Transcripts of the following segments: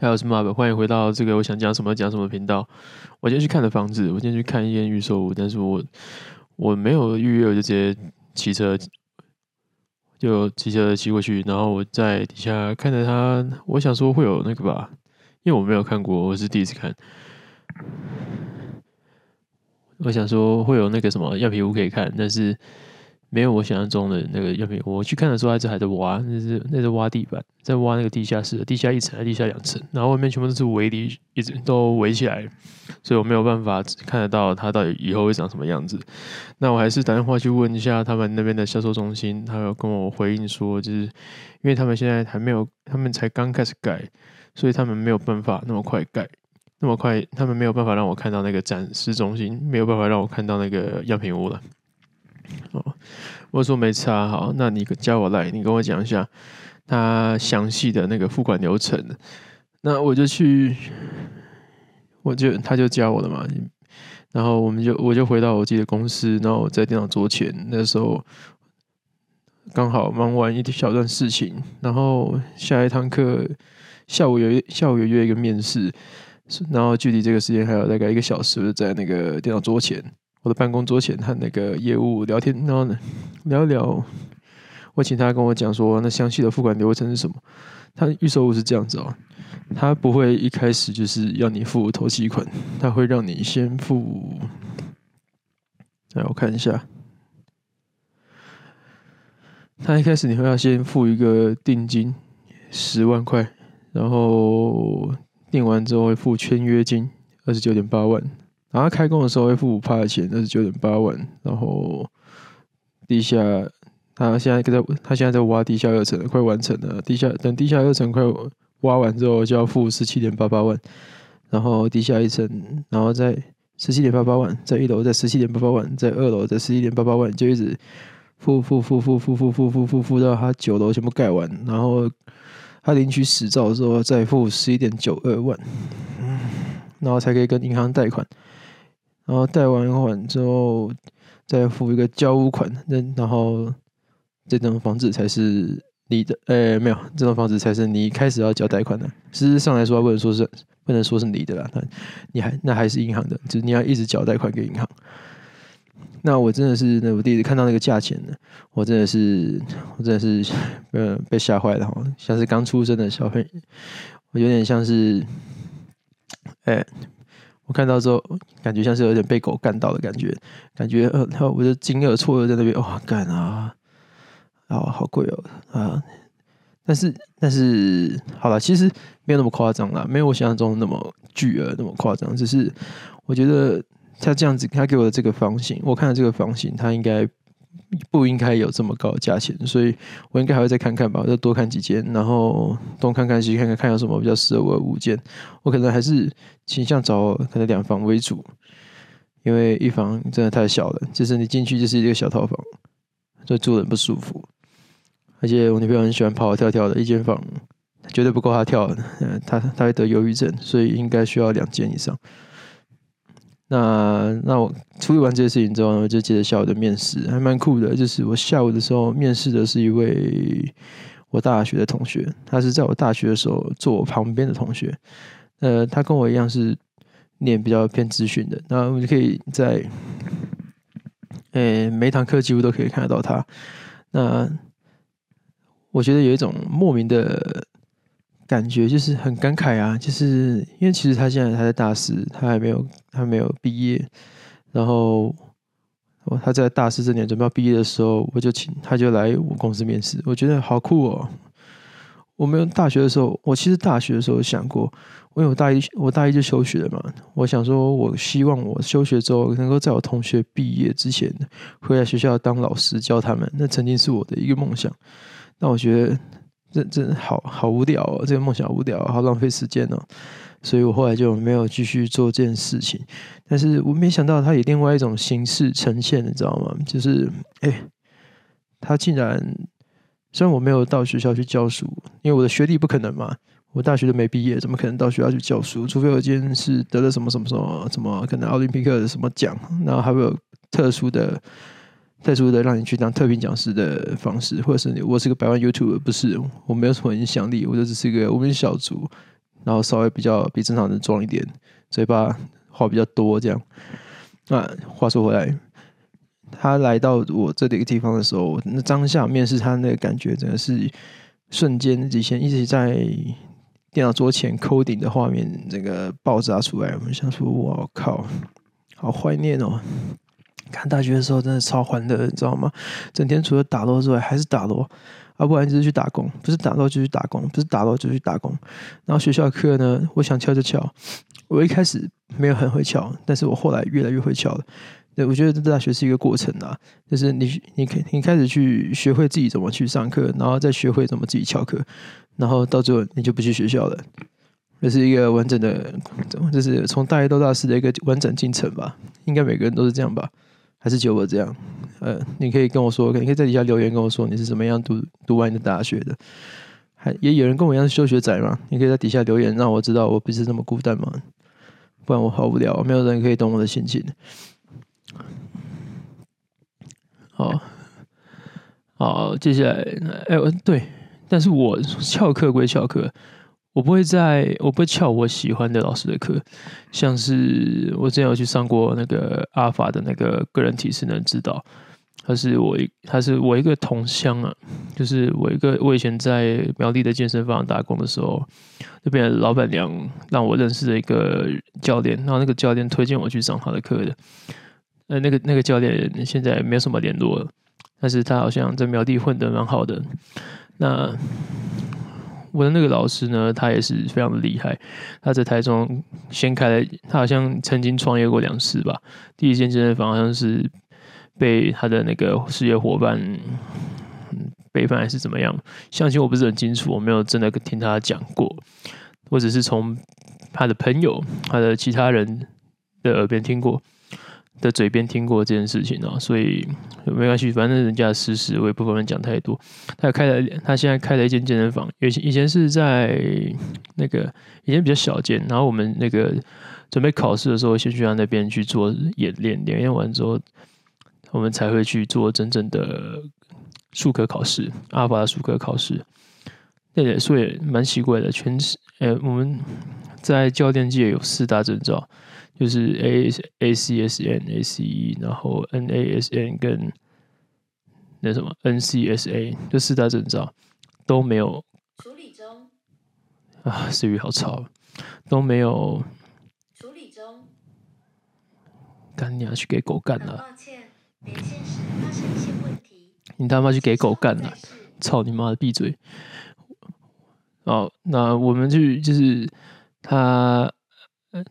還有什麼？歡迎回到這個我想講什麼講什麼頻道。我今天去看的房子，我今天去看一間預售屋，但是我我沒有預約，我就直接騎車就騎車騎過去，然後我在底下看着他。我想說會有那個吧，因為我沒有看過，我是第一次看。我想說會有那個什麼樣品屋可以看，但是。沒有我想象中的那個樣品屋，我去看的時候還是還在挖，那是那是挖地板，在挖那個地下室，地下一層、還地下兩層，然後外面全部都是圍籬，一直都圍起來，所以我沒有辦法看得到它到底以後會長什麼樣子。那我還是打電話去問一下他們那邊的銷售中心，他有跟我回應說，就是因為他們現在還沒有，他們才剛開始蓋，所以他們沒有辦法那麼快蓋，那麼快，他們沒有辦法讓我看到那個展示中心，沒有辦法讓我看到那個樣品屋了。哦，我說沒差好，那你加我 LINE，你跟我講一下他詳細的那個付款流程。那我就去，我就他就加我了嘛，然後我們就我就回到我自己的公司，然後在電腦桌前。那時候剛好忙完一小段事情，然後下一堂課下午有一下午有約一個面試，然後距離這個時間還有大概一個小時，在那個電腦桌前。我的辦公桌前和那個業務聊天，然後呢，聊聊，我請他跟我講說那詳細的付款流程是什麼？他預售屋，是這樣子哦，他不會一開始就是要你付頭期款，他會讓你先付。來我看一下，他一開始你會要先付一個定金十萬塊，然後定完之後會付簽約金二十九點八萬。然後開工的時候會付五趴的錢，那是九點八萬。然後地下，他現在在，他現在在挖地下二層，快完成了。地下等地下二層快挖完之後，就要付十七點八八萬。然後地下一層，然後在十七點八八萬，在一樓在十七點八八萬，在二樓在十七點八八萬，就一直付付付付付付付付付到他九樓全部蓋完。然後他領取執照的時候，再付十一點九二萬，然後才可以跟銀行貸款。然後貸完款之後，再付一個交屋款，那然後這套房子，才是你的？哎，沒有，這套房子，才是你開始要交貸款的。事實上來說，不說是，不能說是不能說是你的啦，那你還那還是銀行的，就是你要一直交貸款給銀行。那我真的是，那我第一次看到那個價錢呢，我真的是，我真的是，嗯，被嚇壞了哈，像是剛出生的小朋友，我有點像是，哎。我看到之後，感覺像是有點被狗幹到的感覺，感覺呃，然後我就驚愕錯愕在那邊，哇、哦，幹啊，啊、哦，好貴哦，啊，但是但是好了，其實沒有那麼誇張啦，沒有我想象中那麼巨額，那麼誇張，只是我覺得他這樣子，他給我的這個房型，我看了這個房型，他應該。不應該有這麼高的價錢，所以我應該還會再看看吧，我再多看幾間，然後東看看西看看，看有什麼比較適合我的物件。我可能還是傾向找可能兩房為主，因為一房真的太小了，就是你進去就是一個小套房，所以住得很不舒服。而且我女朋友很喜歡跑跑跳跳的，一間房絕對不夠她跳的。她她會得憂鬱症，所以應該需要兩間以上。那那我處理完這些事情之後呢，我就接着下午的面試，還蠻酷的。就是我下午的時候面試的是一位我大學的同學，他是在我大學的時候坐我旁邊的同學。呃，他跟我一樣是念比較偏資訊的，那我就可以在誒、欸、每一堂課幾乎都可以看得到他。那我覺得有一種莫名的。感覺就是很感慨啊，就是因為其實他現在還在大四，他還沒有，還沒有畢業。然後他在大四這年準備要畢業的時候，我就請他就來我公司面試。我覺得好酷哦！我們大學的時候，我其實大學的時候我想過，因為我有大一我大一就休學了嘛。我想說，我希望我休學之後，能夠在我同學畢業之前回來學校當老師教他們。那曾經是我的一個夢想。那我覺得。這，這好好無聊哦，這個夢想無聊哦，好浪費時間哦，所以我後來就沒有繼續做這件事情。但是我沒想到他以另外一種形式呈現，你知道嗎？就是哎，他竟然雖然我沒有到學校去教書，因為我的學歷不可能嘛，我大學都沒畢業，怎麼可能到學校去教書？除非我今天是得了什麼什麼什麼，怎麼可能奧林匹克的什麼獎？然後還會有特殊的？是為了讓你去當特聘講師的方式，或者是你我是個百萬 YouTuber。不是我沒有什麼影響力，我就只是個無名小卒，然後稍微比較比正常人壯一點，嘴巴話比較多這樣。那話說回來，他來到我這裡一個地方的時候，那當下面試他那個感覺，真的是瞬間以前一直在電腦桌前 coding 的畫面這個爆炸出來，我們想說，我靠，好懷念哦。看大學的時候真的超歡樂，你知道嗎？整天除了打鑼之外還是打鑼，要、啊、不然就是去打工，不是打鑼就去打工，不是打鑼就去打工。然後學校課呢，我想翹就翹。我一開始沒有很會翹，但是我後來越來越會翹了。對，我覺得這大學是一個過程啊，就是你你開你開始去學會自己怎麼去上課，然後再學會怎麼自己翹課，然後到最後你就不去學校了，這是一個完整的，怎麼就是從大一到大四的一個完整進程吧。應該每個人都是這樣吧。還是就我這樣，呃，你可以跟我說，你可以在底下留言跟我說，你是怎麼樣讀讀完你的大學的？還也有人跟我一樣是休學仔嘛？你可以在底下留言讓我知道，我不是那麼孤單嗎？不然我好無聊，沒有人可以懂我的心情。好，好，接下來，哎、欸，對，但是我翹課歸翹課。我不會在我不會翹我喜歡的老師的課，像是我之前有去上過那個阿法的那個個人體適能指導，他是我一他是我一個同鄉啊，就是我一個我以前在苗栗的健身房打工的時候，那邊老板娘讓我認識了一個教練，然後那個教練推薦我去上他的課的，那、呃、那個那個教練現在沒有什麼聯絡了，但是他好像在苗栗混得蠻好的，那。我的那個老師呢，他也是非常的厲害。他在台中先開了，他好像曾經創業過兩次吧。第一間健身房好像是被他的那個事業夥伴嗯背叛還是怎麼樣？詳情我不是很清楚，我沒有真的聽他講過，我只是從他的朋友、他的其他人的耳邊聽過。的嘴邊聽過這件事情哦、喔，所以沒關係，反正人家私事我也不方便講太多。他開了，他現在開了一間健身房，以前以前是在那個以前比較小間，然後我們那個準備考試的時候，先去他那邊去做演練，演練完之後，我們才會去做真正的術科考試，阿法的術科考試。那也所以蠻奇怪的，全是誒、呃，我們在教練界有四大證照。就是 A A C S N A C E，然後 N A S N 跟那什麼 N C S A，這四大證照都沒有。處理中啊，Siri 好吵，都沒有。處理中，幹你媽去給狗幹了。抱歉，連線時發生一些問題。你他媽去給狗幹了！操你媽的，閉嘴！哦，那我們去，就是他。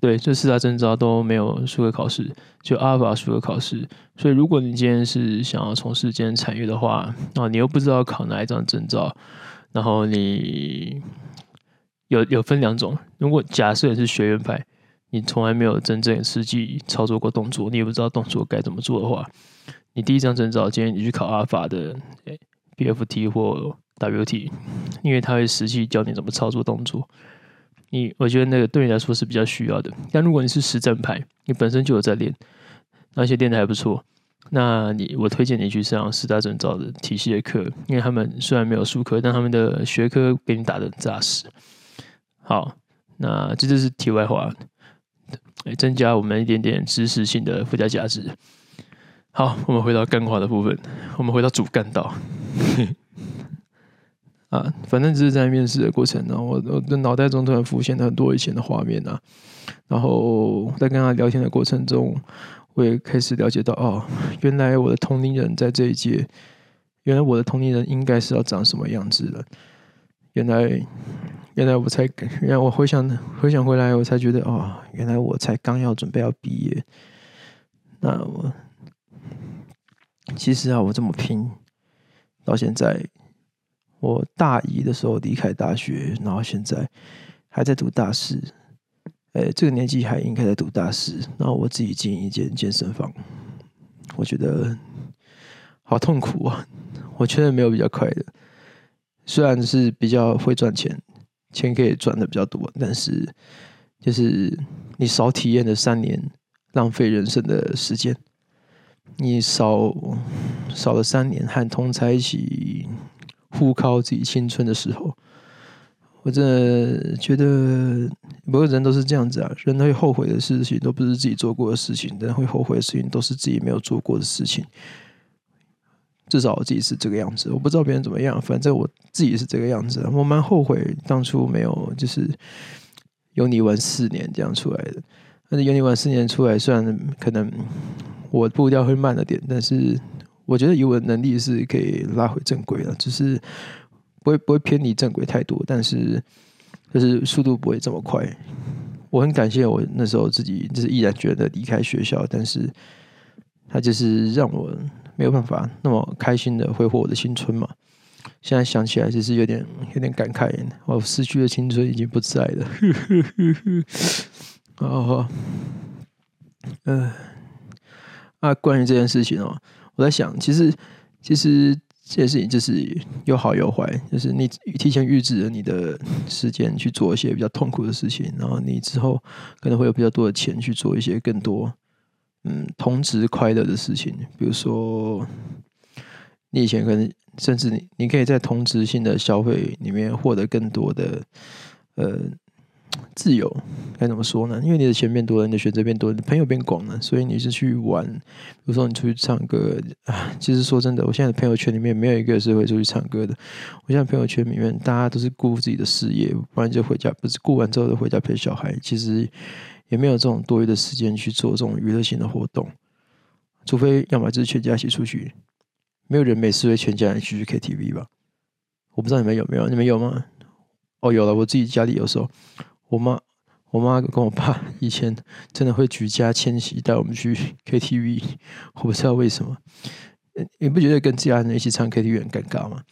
對，這四大證照都沒有資格考試，就阿爾法資格考試。所以，如果你今天是想要從事健身產業的話，那、啊、你又不知道考哪一張證照，然後你有有分兩種。如果假設你是學院派，你從來沒有真正實際操作過動作，你也不知道動作該怎麼做的話，你第一張證照今天你去考阿爾法的 BFT 或 WT，因為它會實際教你怎麼操作動作。你我覺得那個對你來說是比較需要的，但如果你是實戰派，你本身就有在練，而且練的還不錯，那你我推薦你去上十大證照的體系的課，因為他們雖然沒有術科，但他們的學科給你打的紮實。好，那這就是題外話，增加我們一點點知識性的附加價值。好，我們回到乾話的部分，我們回到主幹道。 反正就是在面試的過程，啊，然後我的腦袋中突然浮現了很多以前的畫面啊，然後在跟他聊天的過程中，我也開始了解到，哦，原來我的同齡人在這一屆，原來我的同齡人應該是要長什麼樣子的。原來，原來我才，原來我回想回想回來，我才覺得，哦，原來我才剛要準備要畢業。那我其實啊，我這麼拼，到現在。我大一的時候離開大學，然後現在還在讀大四。誒、哎，這個年紀還應該在讀大四。然後我自己進一間健身房，我覺得好痛苦啊！我確認沒有比較快的，雖然是比較會賺錢，錢可以賺得比較多，但是就是你少體驗了三年，浪費人生的時間，你少，少了三年和同才一起，呼，靠自己青春的時候，我真的覺得，每個人都是這樣子啊。人會後悔的事情，都不是自己做過的事情；人會後悔的事情，都是自己沒有做過的事情。至少我自己是這個樣子。我不知道別人怎麼樣，反正我自己是這個樣子啊。我蠻後悔當初沒有就是有你玩四年這樣出來的。但是有你玩四年出來，雖然可能我步調會慢了點，但是。我覺得以我的能力是可以拉回正軌的，只、就是不會不會偏離正軌太多，但是就是速度不會這麼快。我很感謝我那時候自己就是毅然決然的離開學校，但是他就是讓我沒有辦法那麼開心的揮霍我的青春嘛。現在想起來就是有點有點感慨，我失去的青春已經不在了。好 好，嗯，那、呃啊、關於這件事情哦。我在想，其實其實這件事情就是有好有壞，就是你提前預支了你的時間去做一些比較痛苦的事情，然後你之後可能會有比較多的錢去做一些更多嗯同值快樂的事情，比如說你以前可能甚至你你可以在同值性的消費裡面獲得更多的呃。自由該怎麼說呢？因為你的錢變多了，你的選擇變多了，你的朋友變廣了，所以你是去玩，比如說你出去唱歌啊。其實說真的，我現在的朋友圈裡面沒有一個是會出去唱歌的。我現在的朋友圈裡面大家都是顧自己的事業，不然就回家，不是顧完之後就回家陪小孩。其實也沒有這種多餘的時間去做這種娛樂性的活動，除非要麼就是全家一起出去，沒有人沒事會全家人一起去，去 KTV 吧。我不知道你們有沒有，你們有嗎？哦，有了，我自己家裡有時候。我媽，我媽跟我爸以前真的會舉家遷徙，帶我們去 KTV。我不知道為什麼，你不覺得跟自家人一起唱 KTV 很尷尬嗎？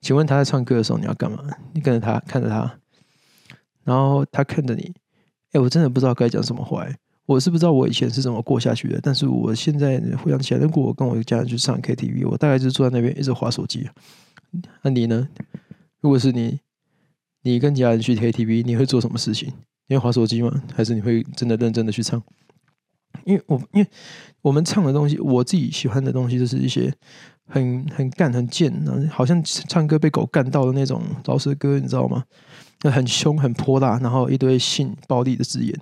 請問他在唱歌的時候你要幹嘛？你跟着他，看着他，然後他看着你。哎，我真的不知道該講什麼話。我是不知道我以前是怎麼過下去的，但是我現在呢，回想起來，如果我跟我家人去唱 KTV，我大概就坐在那邊一直滑手機。那、啊、你呢？如果是你？你跟家人去 KTV，你會做什麼事情？你會滑手機嗎？還是你會真的認真的去唱？因為我因為我們唱的東西，我自己喜歡的東西，就是一些很很幹很賤，好像唱歌被狗幹到的那種饒舌歌，你知道嗎？那很凶很潑辣，然後一堆性暴力的字眼，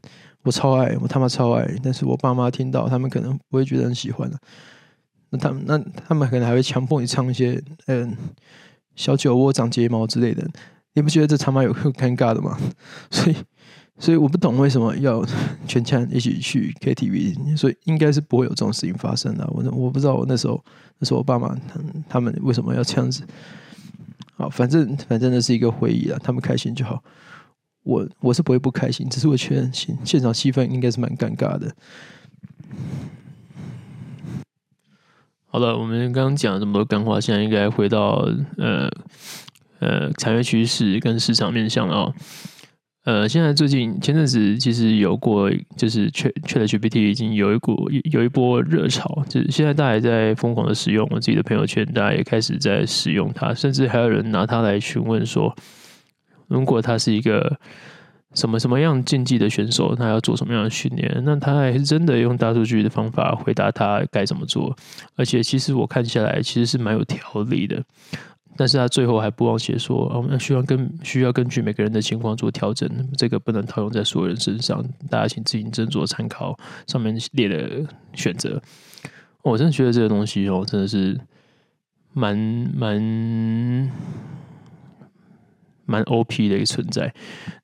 我超愛，我他媽超愛。但是我爸媽聽到，他們可能不會覺得很喜歡啊，那他們那他們可能還會強迫你唱一些嗯小酒窩長睫毛之類的。你不覺得這場面有很尷尬的嗎？所以，所以我不懂為什麼要全家人一起去 KTV，所以應該是不會有這種事情發生的。我我不知道我那時候，那時候我爸媽、嗯、他們為什麼要這樣子。好，反正反正那是一個回憶了，他們開心就好。我我是不會不開心，只是我覺得，現現場氣氛應該是蠻尷尬的。好了，我們剛剛講了這麼多幹話，現在應該回到呃。呃，產業趨勢跟市場面向哦，呃，現在最近前陣子其實有過，就是確確的 GPT 已經有一股一有一波熱潮，就是現在大家在瘋狂的使用，我自己的朋友圈，大家也開始在使用它，甚至還有人拿它來詢問說，如果他是一個什麼什麼樣競技的選手，他要做什麼樣的訓練？那他還是真的用大數據的方法回答他該怎麼做？而且其實我看下來，其實是蠻有條理的。但是他最後還不忘寫說：“哦，我們需要根需要根據每個人的情況做調整，這個不能套用在所有人身上，大家請自行斟酌參考上面列的選擇。哦”，我真的覺得這個東西哦，真的是蠻蠻蠻 OP 的一個存在。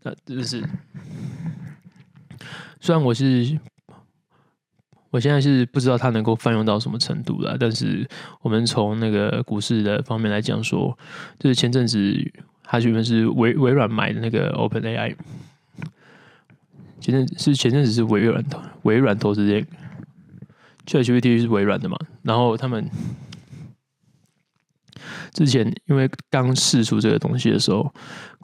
那真的是，雖然我是。我現在是不知道它能夠泛用到什麼程度啦，但是我們從那個股市的方面來講說，就是前陣子，它原本是微微軟買的那個 Open AI，前陣是前陣子是微軟投，微軟投資的，ChatGPT 是微軟的嘛。然後他們之前因為剛試出這個東西的時候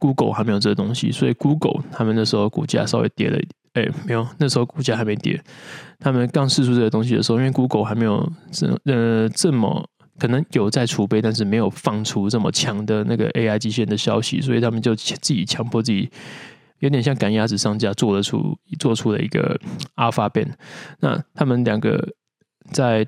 ，Google 還沒有這個東西，所以 Google 他們那時候股價稍微跌了一點。哎，沒有，那時候股價還沒跌。他們剛試出這個東西的時候，因為 Google 還沒有這呃這麼可能有在儲備，但是沒有放出這麼強的那個 AI 機械人的消息，所以他們就自己強迫自己，有點像趕鴨子上架，做了出做出了一個 Alpha 版。那他們兩個在。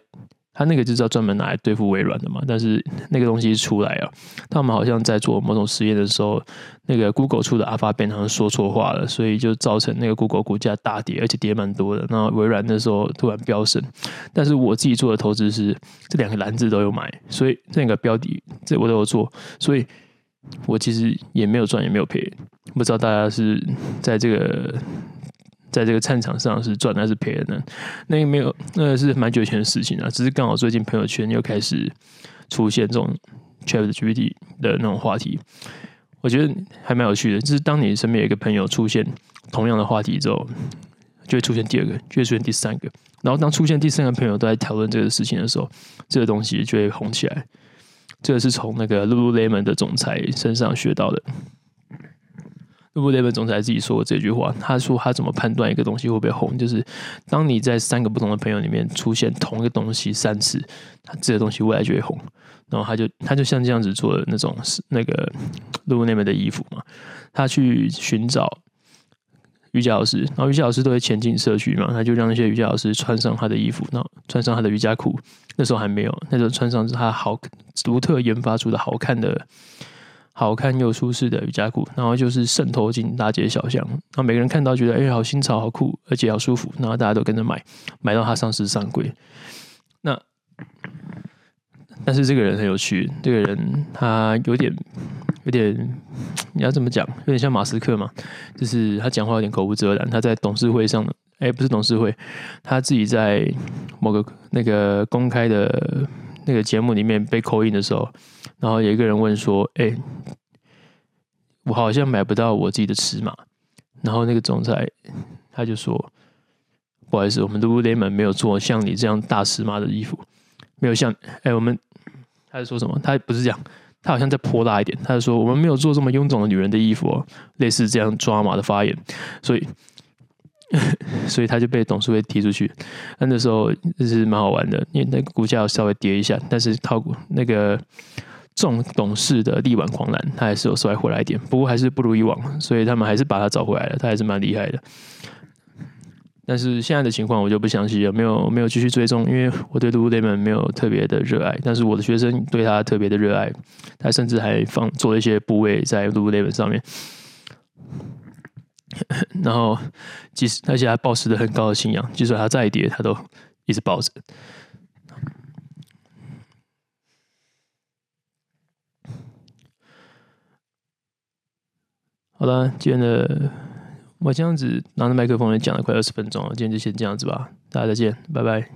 他那個就是要專門拿來對付微軟的嘛，但是那個東西出來啊，他們好像在做某種實驗的時候，那個 Google 出的 Alpha Bard 好像說錯話了，所以就造成那個 Google 股價大跌，而且跌蠻多的。那微軟那時候突然飆升，但是我自己做的投資是這兩個籃子都有買，所以這個標的這我都有做，所以我其實也沒有賺也沒有賠，不知道大家是在這個。在這個戰場上是賺還是賠的呢？那個沒有，那個是蠻久前的事情了啊。只是剛好最近朋友圈又開始出現這種 ChatGPT 的那種話題，我覺得還蠻有趣的。就是當你身邊有一個朋友出現同樣的話題之後，就會出現第二個，就會出現第三個。然後當出現第三個朋友都在討論這個事情的時候，這個東西就會紅起來。這個是從那個 Lululemon 的總裁身上學到的。lululemon 總裁自己說的這句話，他說他怎麼判斷一個東西會不會紅，就是當你在三個不同的朋友裡面出現同一個東西三次，他這個東西未來就會紅。然後他就他就像這樣子做那種那個 lululemon 的衣服嘛，他去尋找瑜伽老師，然後瑜伽老師都會前進社區嘛，他就讓那些瑜伽老師穿上他的衣服，然後穿上他的瑜伽褲。那時候還沒有，那時候穿上是他好獨特研發出的好看的。好看又舒適的瑜伽褲，然後就是滲透進大街小巷，然後每個人看到覺得哎、欸，好新潮，好酷，而且好舒服，然後大家都跟着買，買到他上市上櫃。那但是這個人很有趣，這個人他有點有點，你要怎麼講？有點像馬斯克嘛，就是他講話有點口無遮攔，他在董事會上，哎、欸，不是董事會，他自己在某個那個公開的。那個節目裡面被 call in 的時候，然後有一個人問說：“哎、欸，我好像買不到我自己的尺碼。”然後那個總裁他就說：“不好意思，我們的 Lululemon 沒有做像你這樣大尺碼的衣服，沒有像……哎、欸，我們……他在說什麼？他不是這樣，他好像在潑大一點。他是說我們沒有做這麼臃腫的女人的衣服、啊，類似這樣抓馬的發言，所以。” 所以他就被董事會踢出去，那，那時候也是蠻好玩的，因為那個股價稍微跌一下，但是靠那個重董事的力挽狂瀾，他還是有收回來一點。不過還是不如以往，所以他們還是把他找回來了，他還是蠻厲害的。但是現在的情況我就不詳細，沒有沒有繼續追蹤，因為我對 Lululemon 沒有特別的熱愛，但是我的學生對他特別的熱愛，他甚至還放做了一些部位在 Lululemon 上面。 然後，即使而且還抱持著很高的信仰，即使它再跌，它都一直抱著。好了，今天的我這樣子拿着麥克風也講了快二十分鐘了，今天就先這樣子吧，大家再見，拜拜。